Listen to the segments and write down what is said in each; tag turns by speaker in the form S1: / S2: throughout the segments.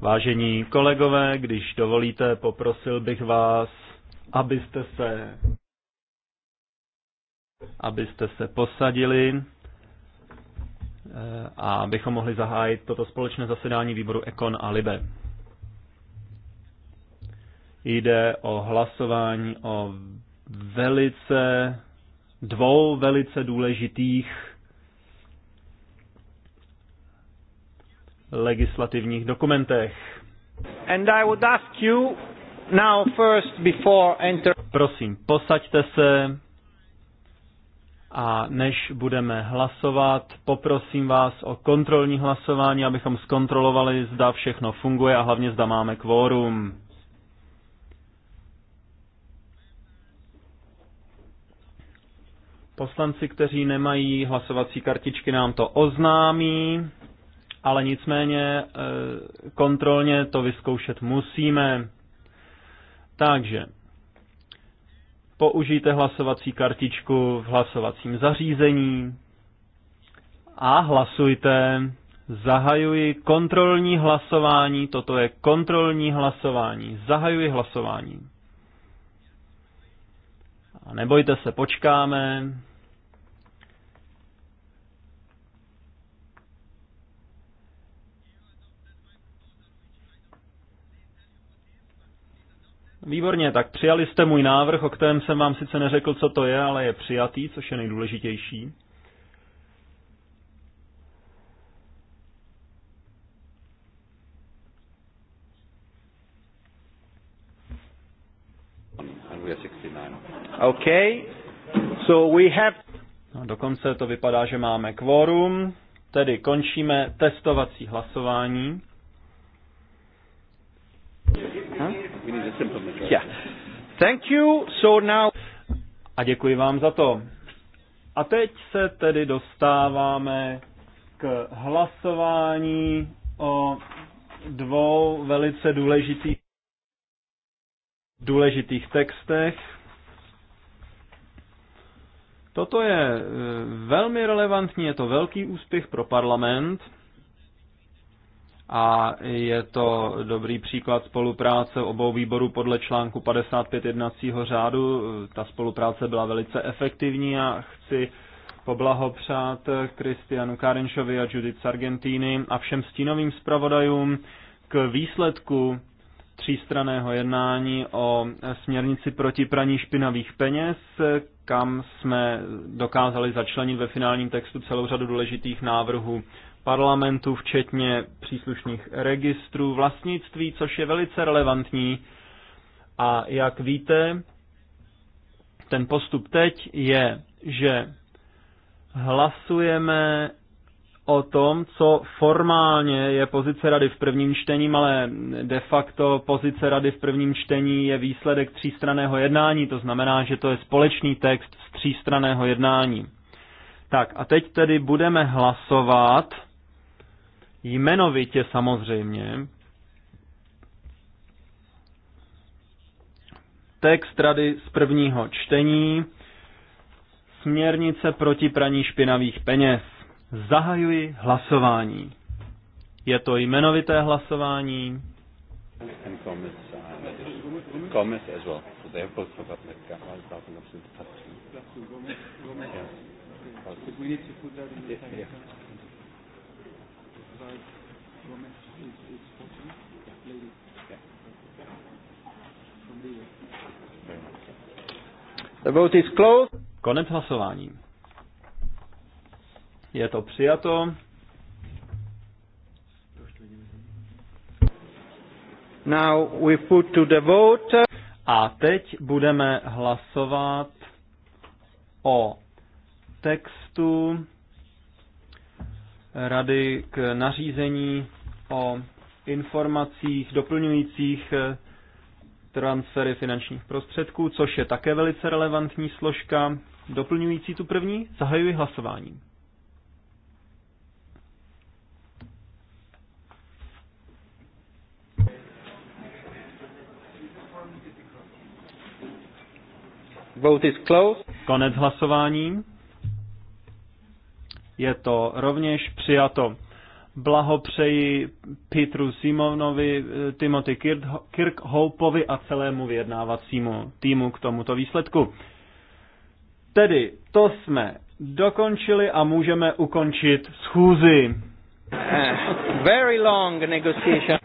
S1: Vážení kolegové, když dovolíte, poprosil bych vás, abyste se, abyste se posadili eh, a abychom mohli zahájit toto společné zasedání výboru Ekon a Libe. Jde o hlasování o velice dvou velice důležitých legislativních dokumentech. And I would ask you now first before enter... Prosím, posaďte se a než budeme hlasovat, poprosím vás o kontrolní hlasování, abychom zkontrolovali, zda všechno funguje a hlavně zda máme kvórum. Poslanci, kteří nemají hlasovací kartičky, nám to oznámí ale nicméně e, kontrolně to vyzkoušet musíme. Takže použijte hlasovací kartičku v hlasovacím zařízení a hlasujte. Zahajuji kontrolní hlasování. Toto je kontrolní hlasování. Zahajuji hlasování. A nebojte se, počkáme. Výborně, tak přijali jste můj návrh, o kterém jsem vám sice neřekl, co to je, ale je přijatý, což je nejdůležitější. OK, So we have... No, dokonce to vypadá, že máme kvorum, tedy končíme testovací hlasování. Thank you. So now... A děkuji vám za to. A teď se tedy dostáváme k hlasování o dvou velice důležitých, důležitých textech. Toto je eh, velmi relevantní, je to velký úspěch pro parlament a je to dobrý příklad spolupráce obou výborů podle článku 55 jednacího řádu. Ta spolupráce byla velice efektivní a chci poblahopřát Kristianu Karenšovi a Judith Sargentini a všem stínovým zpravodajům k výsledku třístraného jednání o směrnici proti praní špinavých peněz, kam jsme dokázali začlenit ve finálním textu celou řadu důležitých návrhů parlamentu, včetně příslušných registrů vlastnictví, což je velice relevantní. A jak víte, ten postup teď je, že hlasujeme o tom, co formálně je pozice rady v prvním čtení, ale de facto pozice rady v prvním čtení je výsledek třístraného jednání, to znamená, že to je společný text z třístraného jednání. Tak a teď tedy budeme hlasovat jmenovitě samozřejmě. Text rady z prvního čtení, směrnice proti praní špinavých peněz. Zahajuji hlasování. Je to jmenovité hlasování. The vote is closed. Konec hlasování. Je to přijato. Now we put to the vote. A teď budeme hlasovat o textu rady k nařízení o informacích doplňujících transfery finančních prostředků, což je také velice relevantní složka doplňující tu první. Zahajuji hlasování. Vote is closed. Konec hlasování. Je to rovněž přijato. Blahopřeji Petru Simonovi, eh, Timothy Kirkhoupovi a celému vyjednávacímu týmu k tomuto výsledku. Tedy to jsme dokončili a můžeme ukončit schůzi. Eh,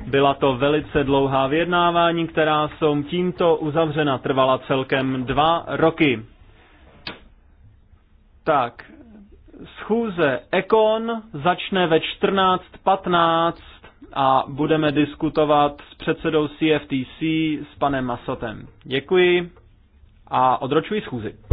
S1: Byla to velice dlouhá vyjednávání, která jsou tímto uzavřena. Trvala celkem dva roky. Tak, schůze Ekon začne ve 14.15 a budeme diskutovat s předsedou CFTC s panem Masotem. Děkuji a odročuji schůzi.